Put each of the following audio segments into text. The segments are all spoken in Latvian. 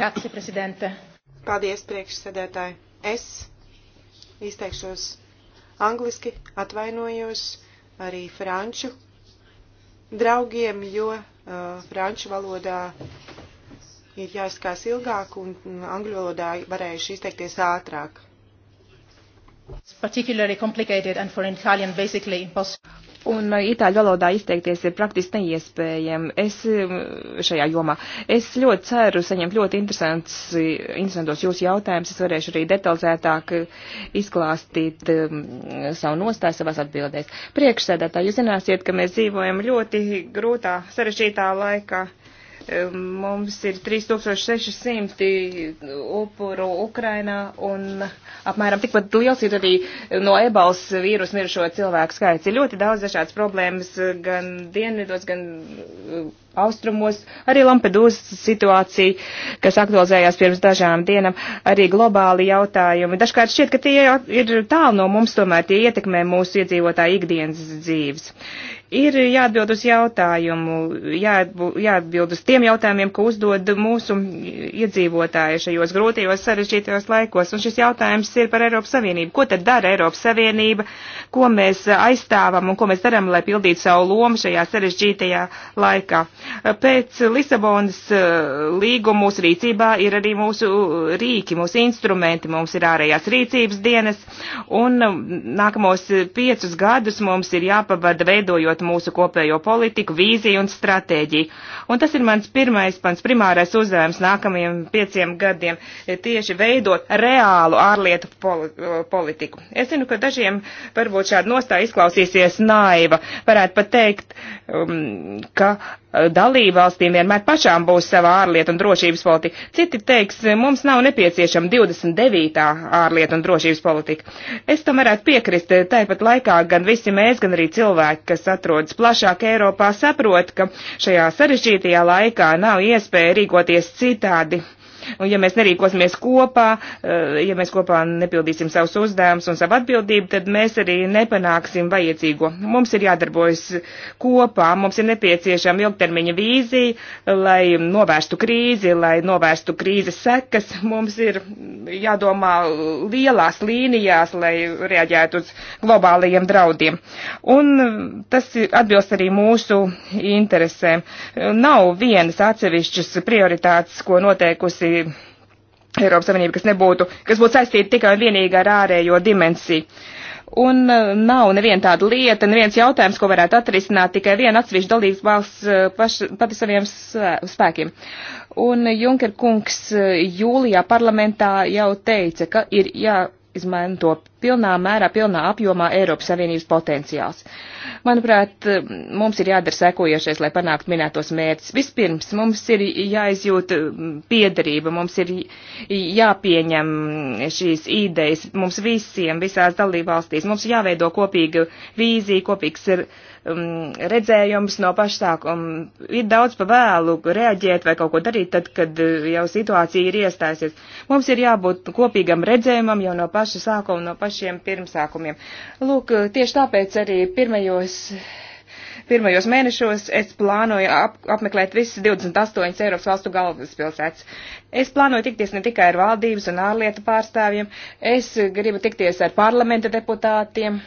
Grazie, prezidente. Paldies, priekšsēdētāji. Es izteikšos angliski, atvainojos arī franču draugiem, jo uh, franču valodā ir jāizskās ilgāk un angļu valodā varējuši izteikties ātrāk. It's particularly complicated and for an Italian basically impossible. Un eh, itāļu valodā izteikties ir praktiski neiespējami. Es eh, šajā jomā. Es ļoti ceru saņemt ļoti eh, interesantos jūsu jautājumus. Es varēšu arī detalizētāk izklāstīt savu nostāju savās atbildēs. Priekšsēdētā, jūs zināsiet, ka mēs dzīvojam ļoti grūtā, sarežģītā laikā. Mums ir 3600 upuru Ukrainā un apmēram tikpat liels ir arī no ebals vīrusu mirušo cilvēku skaits. Ir ļoti daudz dažādas problēmas gan dienvidos, gan uh, austrumos, arī Lampedūzas situācija, kas aktualizējās pirms dažām dienām, arī globāli jautājumi. Dažkārt šķiet, ka tie ir tālu no mums, tomēr tie ietekmē mūsu iedzīvotāju ikdienas dzīves. Ir jāatbild uz jautājumu, jāatbild uz tiem jautājumiem, ko uzdod mūsu iedzīvotāji šajos grūtajos sarežģītajos laikos. Un šis jautājums ir par Eiropas Savienību. Ko tad dara Eiropas Savienība? Ko mēs aizstāvam un ko mēs darām, lai pildītu savu lomu šajā sarežģītajā laikā? Pēc Lisabonas eh, līgu mūsu rīcībā ir arī mūsu rīki, mūsu instrumenti, mums ir ārējās rīcības dienas. Un um, nākamos piecus gadus mums ir jāpavada veidojot veidot mūsu kopējo politiku, vīziju un stratēģiju. Un tas ir mans pirmais, mans primārais uzdevums nākamajiem pieciem gadiem e, - tieši veidot reālu ārlietu e, politiku. Es zinu, ka dažiem varbūt šāda nostāja izklausīsies naiva. Varētu pat teikt, Um, ka uh, dalībvalstīm vienmēr pašām būs sava ārlietu un drošības politika. Citi teiks, mums nav nepieciešama 29. ārlietu un drošības politika. Es tam varētu piekrist, eh, tāpat laikā gan visi mēs, gan arī cilvēki, kas atrodas plašāk Eiropā, saprot, ka šajā sarežģītajā laikā nav iespēja rīkoties citādi Un ja mēs nerīkosimies kopā, eh, ja mēs kopā nepildīsim savus uzdevumus un savu atbildību, tad mēs arī nepanāksim vajadzīgo. Mums ir jādarbojas kopā, mums ir nepieciešama ilgtermiņa vīzija, lai novērstu krīzi, lai novērstu krīzes sekas. Mums ir jādomā lielās līnijās, lai reaģētu uz globālajiem draudiem. Un tas atbilst arī mūsu interesēm. Nav vienas atsevišķas prioritātes, ko noteikusi Eiropas Savienība, kas nebūtu, kas būtu saistīta tikai un vienīgi ar ārējo dimensiju. Un e, nav neviena tāda lieta, neviens jautājums, ko varētu atrisināt tikai viena atsevišķa dalības valsts e, paš, pati saviem spēkiem. Un Junker kungs e, jūlijā parlamentā jau teica, ka ir jāizmanto pilnā mērā, pilnā apjomā Eiropas Savienības potenciāls. Manuprāt, mums ir jādara sekojošais, lai panāktu minētos mērķus. Vispirms mums ir jāizjūt mm, piederība, mums ir jāpieņem šīs idejas mums visiem, visās dalībvalstīs. Mums jāveido kopīga vīzija, kopīgs ir um, mm, redzējums no pašsākuma. Ir daudz pa vēlu reaģēt vai kaut ko darīt, tad, kad mm, jau situācija ir iestājusies. Mums ir jābūt kopīgam redzējumam jau no paša sākuma, no paša šiem pirmsākumiem. Lūk, tieši tāpēc arī pirmajos pirmajos mēnešos es plānoju ap, apmeklēt visas 28 Eiropas valstu galvaspilsētas. Es plānoju tikties ne tikai ar valdības un ārlietu pārstāvjiem, es gribu tikties ar parlamenta deputātiem.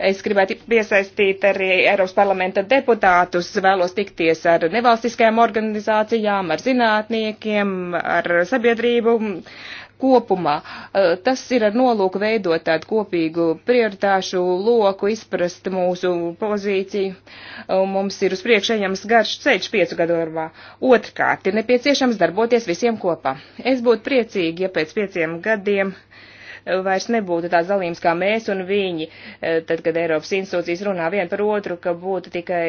Es gribētu piesaistīt arī Eiropas parlamenta deputātus, vēlos tikties ar nevalstiskajām organizācijām, ar zinātniekiem, ar sabiedrību. Uh, kopumā. Eh, tas ir ar nolūku veidot tādu kopīgu prioritāšu loku, izprast mūsu pozīciju. Mums ir uz priekšējams garš ceļš piecu gadu varmā. Otrkārt, ir nepieciešams darboties visiem kopā. Es būtu priecīgi, ja pēc pieciem gadiem uh, vairs nebūtu tāds dalījums kā mēs un viņi, e, tad, kad Eiropas institūcijas runā vien par otru, ka būtu tikai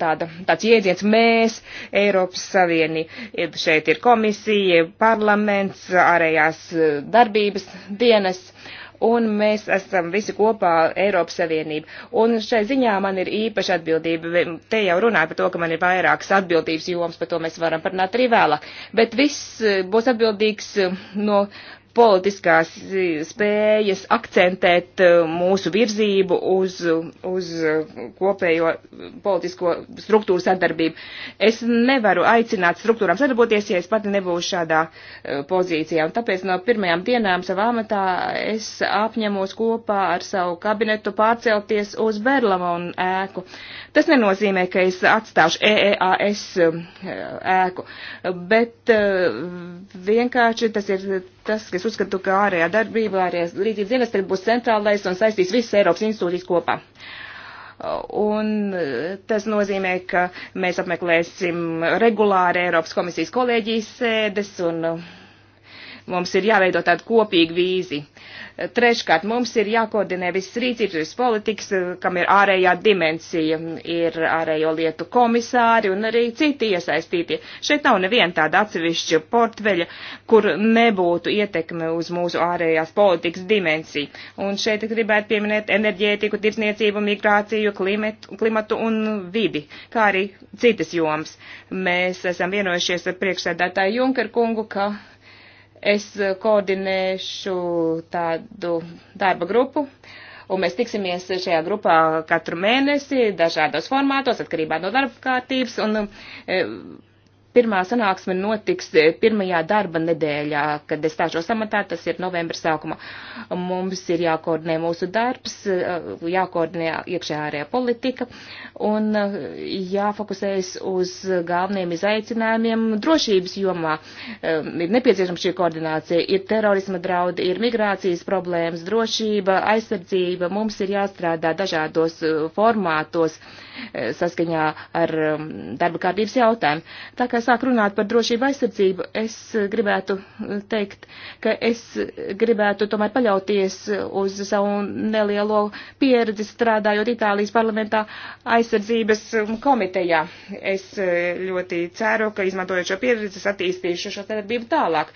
tāda, tāds jēdziens mēs, Eiropas Savienība. E, šeit ir komisija, parlaments, ārējās e, darbības dienas un mēs esam visi kopā Eiropas Savienība. Un šai ziņā man ir īpaša atbildība. Te jau runāju par to, ka man ir vairākas atbildības jomas, par to mēs varam parunāt arī vēlāk. Bet viss būs atbildīgs no politiskās e, spējas akcentēt e, mūsu virzību uz, uz kopējo politisko struktūru sadarbību. Es nevaru aicināt struktūrām sadarboties, ja es pati nebūšu šādā e, pozīcijā. Un tāpēc no pirmajām dienām savā amatā es apņemos kopā ar savu kabinetu pārcelties uz Berlamonu ēku. Tas nenozīmē, ka es atstāšu EEAS ēku, bet vienkārši tas ir tas, es uzskatu, ka ārējā darbība, ārējās rīcības dienas būs centrālais un saistīs visas Eiropas institūcijas kopā. Un tas nozīmē, ka mēs apmeklēsim regulāri Eiropas komisijas kolēģijas sēdes un uh, Mums ir jāveido tāda kopīga vīzi. Treškārt, mums ir jākoordinē viss rīcības, viss politikas, kam ir ārējā dimensija, ir ārējo lietu komisāri un arī citi iesaistītie. Šeit nav neviena tāda atsevišķa portveļa, kur nebūtu ietekme uz mūsu ārējās politikas dimensiju. Un šeit gribētu pieminēt enerģētiku, tirsniecību, migrāciju, klimatu, klimatu un vidi, kā arī citas jomas. Mēs esam vienojušies ar priekšsēdētāju Junker kungu, ka Es koordinēšu tādu darba grupu, un mēs tiksimies šajā grupā katru mēnesi dažādos formātos, atkarībā no darba kārtības. Un, eh, Pirmā sanāksme notiks eh, pirmajā darba nedēļā, kad es stāšos amatā, tas ir novembra sākuma. Mums ir jākoordinē mūsu darbs, eh, jākoordinē iekšējā ārējā politika un eh, jāfokusējas uz galveniem izaicinājumiem drošības jomā. Ir nepieciešama šī koordinācija, ir terorisma draudi, ir migrācijas problēmas, drošība, aizsardzība. Mums ir jāstrādā dažādos formātos saskaņā ar darba kārtības jautājumu. Tā kā sāk runāt par drošību aizsardzību, es eh, gribētu eh, teikt, ka es gribētu tomēr paļauties uz savu nelielo pieredzi strādājot Itālijas parlamentā aizsardzības um, komitejā. Es eh, ļoti ceru, ka izmantojot šo pieredzi, es attīstīšu šo sadarbību tālāk,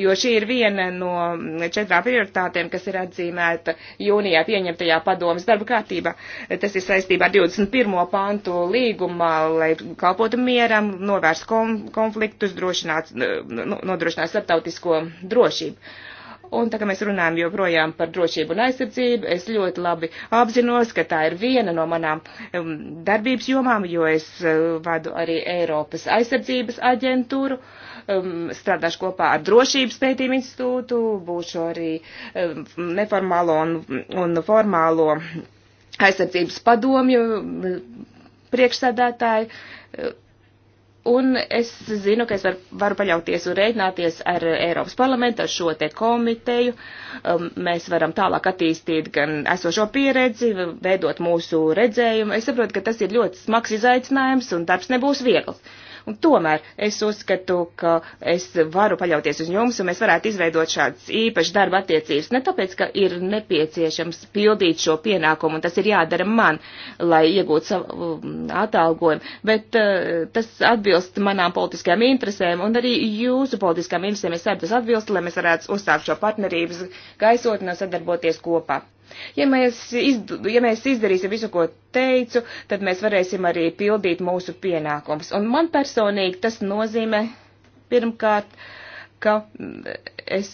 jo šī ir viena no mm, četrām prioritātēm, kas ir atzīmēta jūnijā pieņemtajā padomas darba kārtībā. Tas ir saistībā ar 21. pantu līgumā, lai kalpotu mieram, novērst konfliktu konfliktus, drošināt, nu, nu, nodrošināt starptautisko drošību. Un tā kā mēs runājam joprojām par drošību un aizsardzību, es ļoti labi apzinos, ka tā ir viena no manām um, darbības jomām, jo es uh, vadu arī Eiropas aizsardzības aģentūru, um, strādāšu kopā ar drošības pētījumu institūtu, būšu arī um, neformālo un, un formālo aizsardzības padomju priekšsēdētāju Un es zinu, ka es var, varu paļauties un rēķināties ar Eiropas parlamentu, ar šo te komiteju. Um, mēs varam tālāk attīstīt gan esošo pieredzi, veidot mūsu redzējumu. Es saprotu, ka tas ir ļoti smags izaicinājums un darbs nebūs viegls. Un tomēr es uzskatu, ka es varu paļauties uz jums, un mēs varētu izveidot šādas īpašas darba attiecības. Ne tāpēc, ka ir nepieciešams pildīt šo pienākumu, un tas ir jādara man, lai iegūtu savu um, atalgojumu, bet uh, tas atbilst manām politiskajām interesēm, un arī jūsu politiskajām interesēm es ceru, tas atbilst, lai mēs varētu uzsākt šo partnerības gaisotni un sadarboties kopā. Ja mēs, izd ja mēs izdarīsim visu, ko teicu, tad mēs varēsim arī pildīt mūsu pienākumus. Un man personīgi tas nozīmē pirmkārt, ka es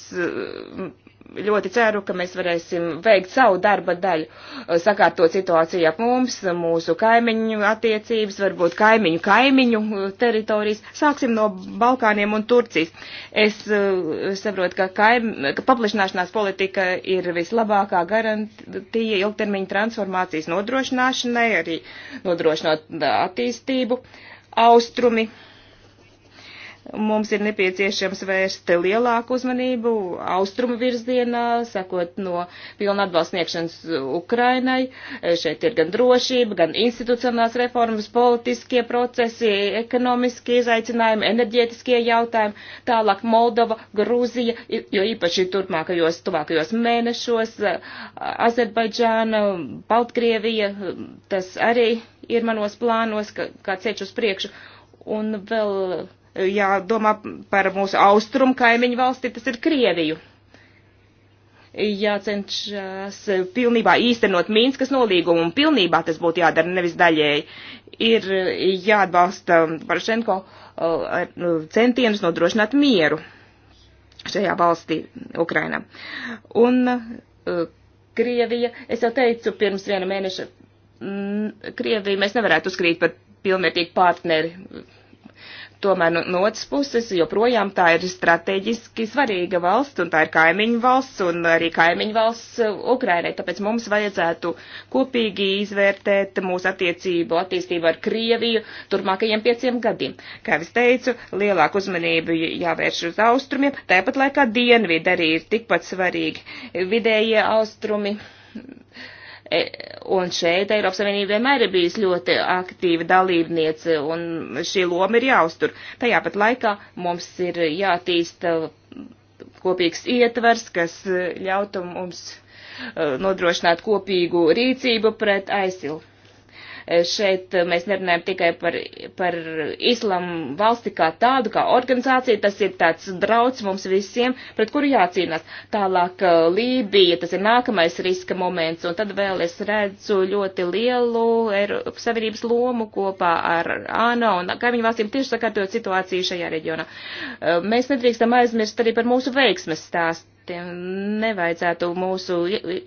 ļoti ceru, ka mēs varēsim veikt savu darba daļu, uh, sakārtot situāciju ap mums, mūsu kaimiņu attiecības, varbūt kaimiņu kaimiņu uh, teritorijas. Sāksim no Balkāniem un Turcijas. Uh, es saprotu, ka, kaim, ka paplašināšanās politika ir vislabākā garantija ilgtermiņa transformācijas nodrošināšanai, arī nodrošinot attīstību. Austrumi Mums ir nepieciešams vērst lielāku uzmanību austrumu virzienā, sakot no pilna atbalstniegšanas Ukrainai. Šeit ir gan drošība, gan institucionālās reformas, politiskie procesi, ekonomiskie izaicinājumi, enerģētiskie jautājumi, tālāk Moldova, Grūzija, jo īpaši turpmākajos, tuvākajos mēnešos, Azerbaidžāna, Baltkrievija, tas arī ir manos plānos, kā, kā ceļš uz priekšu. Un vēl jādomā par mūsu austrumu kaimiņu valsti, tas ir Krieviju. Jācenšas pilnībā īstenot Mīnskas nolīgumu, un pilnībā tas būtu jādara nevis daļēji. Ir jāatbalsta Parašenko uh, nu, centienus nodrošināt mieru šajā valstī, Ukrainā. Un uh, Krievija, es jau teicu pirms viena mēneša, mm, Krieviju mēs nevarētu uzskrīt par pilnvērtīgu partneri Tomēr no, nu, no otras puses joprojām tā ir strateģiski svarīga valsts un tā ir kaimiņu valsts un arī kaimiņu valsts uh, Ukrainai. Tāpēc mums vajadzētu kopīgi izvērtēt mūsu attiecību attīstību ar Krieviju turpmākajiem pieciem gadiem. Kā es teicu, lielāku uzmanību jāvērš uz austrumiem, tāpat laikā dienvidi arī ir tikpat svarīgi. Vidējie austrumi E, un šeit Eiropas Savienība vienmēr ir bijusi ļoti aktīva dalībniece, un šī loma ir jāuztur. Tajā pat laikā mums ir jātīsta e, kopīgs ietvers, kas e, ļautu mums nodrošināt kopīgu rīcību pret aizsildu. Eh, šeit eh, mēs nerunājam tikai par, par islamu valsti kā tādu, kā organizāciju. Tas ir tāds drauds mums visiem, pret kuru jācīnās. Tālāk eh, Lībija, tas ir nākamais riska moments. Un tad vēl es redzu ļoti lielu Eiropas Savienības lomu kopā ar ANO un kaimiņu valstīm tieši sakārtot situāciju šajā reģionā. Mēs nedrīkstam aizmirst arī par mūsu veiksmes stāstu aktiem nevajadzētu mūsu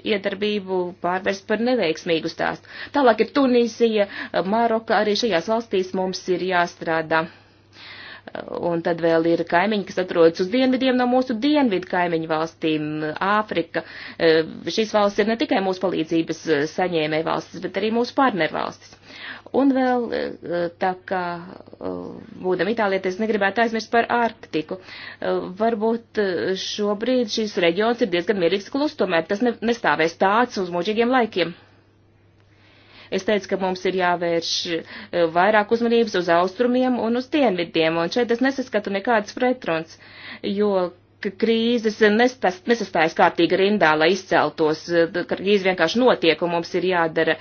iedarbību pārvērst par neveiksmīgu stāstu. Tālāk ir Tunīzija, Maroka, arī šajās valstīs mums ir jāstrādā. Un tad vēl ir kaimiņi, kas atrodas uz dienvidiem no mūsu dienvidu kaimiņu valstīm, Āfrika. Šīs valsts ir ne tikai mūsu palīdzības saņēmē valstis, bet arī mūsu partnervalstis. Un vēl eh, tā kā eh, būdam Itālietē, es negribētu aizmirst par Arktiku. Eh, varbūt šobrīd šis reģions ir diezgan mierīgs klus, tomēr tas ne, nestāvēs tāds uz mūžīgiem laikiem. Es teicu, ka mums ir jāvērš vairāk uzmanības uz austrumiem un uz dienvidiem, un šeit es nesaskatu nekādas pretruns, jo krīzes nestas, nesastājas kārtīga rindā, lai izceltos, krīze vienkārši notiek, un mums ir jādara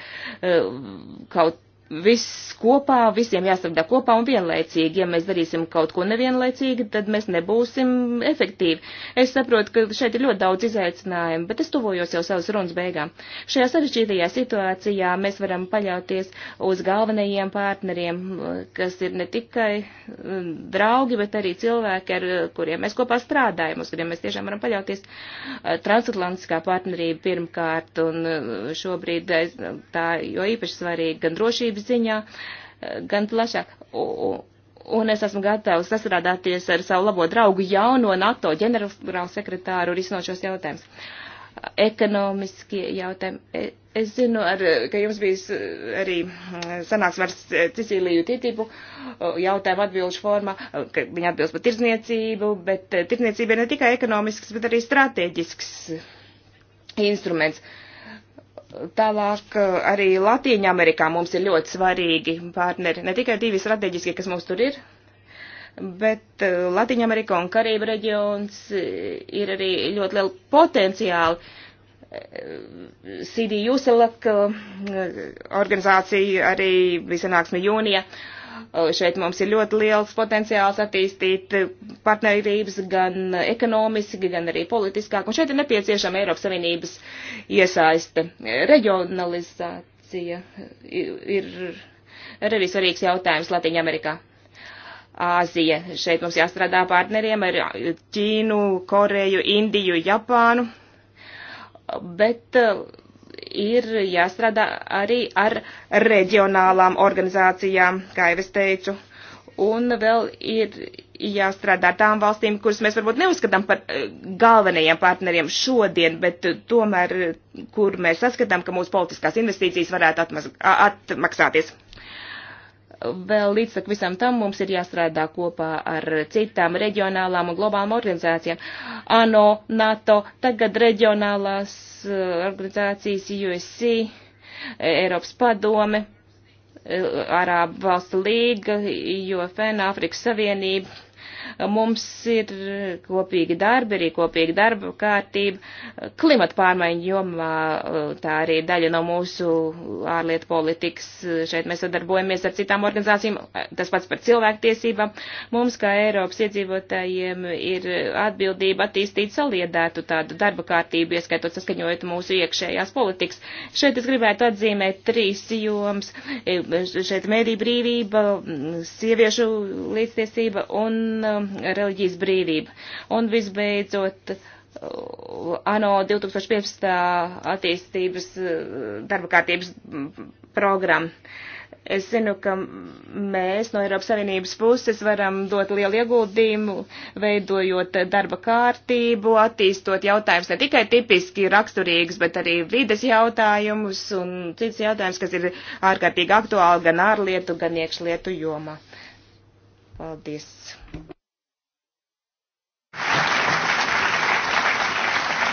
kaut viss kopā, visiem jāstrādā kopā un vienlaicīgi. Ja mēs darīsim kaut ko nevienlaicīgi, tad mēs nebūsim efektīvi. Es saprotu, ka šeit ir ļoti daudz izaicinājumu, bet es tuvojos jau savas runas beigām. Šajā sarežģītajā situācijā mēs varam paļauties uz galvenajiem partneriem, kas ir ne tikai mm, draugi, bet arī cilvēki, ar kuriem mēs kopā strādājam, uz kuriem mēs tiešām varam paļauties. Transatlantiskā partnerība pirmkārt, un mm, šobrīd tā jo īpaši svarīga gan drošības atbildības ziņā, eh, gan plašāk. Un es esmu gatavs sastrādāties ar savu labo draugu jauno NATO ģenerālu sekretāru risinošos jautājumus. Ekonomiskie jautājumi. E, es zinu, ar, ka jums bija e, arī mm, sanāksme ar Cecīliju Titību jautājumu atbilžu formā, ka viņa atbilst par tirdzniecību, bet e, tirdzniecība ir ne tikai ekonomisks, bet arī strateģisks instruments. Uh, Tālāk eh, arī Latīņa Amerikā mums ir ļoti svarīgi partneri. Ne tikai divi strateģiski, kas mums tur ir, bet eh, Latīņa Amerika un Karība reģions eh, ir arī ļoti liela potenciāla. CD Uselak organizācija arī bija sanāksme jūnija. Uh, Eh, šeit mums ir ļoti liels potenciāls attīstīt partnerības gan ekonomiski, gan arī politiskāk. Un šeit ir nepieciešama Eiropas Savienības iesaiste. Reģionalizācija ir arī svarīgs jautājums Latvijā Amerikā. Āzija. Šeit mums jāstrādā partneriem ar Ķīnu, Koreju, Indiju, Japānu. Bet eh, ir jāstrādā arī ar reģionālām organizācijām, kā jau es teicu. Un vēl ir jāstrādā ar tām valstīm, kuras mēs varbūt neuzskatām par eh, galvenajiem partneriem šodien, bet eh, tomēr, eh, kur mēs saskatām, ka mūsu politiskās investīcijas varētu atmaz, atmaksāties. Vēl līdzsak visam tam mums ir jāstrādā kopā ar citām reģionālām un globālām organizācijām. ANO, NATO, tagad reģionālās eh, organizācijas, USC, Eiropas padome, eh, Arābu valstu līga, UFN, Āfrikas Savienība Mums ir kopīgi darbi, arī kopīga darba kārtība klimata pārmaiņu jomā. Uh, tā arī ir daļa no mūsu ārlietu politikas. Šeit mēs sadarbojamies ar citām organizācijām. Tas pats par cilvēktiesībām. Mums, kā Eiropas iedzīvotājiem, ir atbildība attīstīt saliedētu tādu darba kārtību, ieskaitot saskaņojot mūsu iekšējās politikas. Šeit es gribētu atzīmēt trīs jomas. E, šeit mēdī brīvība, sieviešu līdztiesība un um, reliģijas brīvība. Un visbeidzot, uh, ANO 2015. attīstības uh, darba kārtības programma. Es zinu, ka mēs no Eiropas Savienības puses varam dot lielu ieguldījumu, veidojot darba kārtību, attīstot jautājumus ne tikai tipiski raksturīgus, bet arī vides jautājumus un cits jautājums, kas ir ārkārtīgi aktuāli gan ārlietu, gan iekšlietu jomā. Paldies!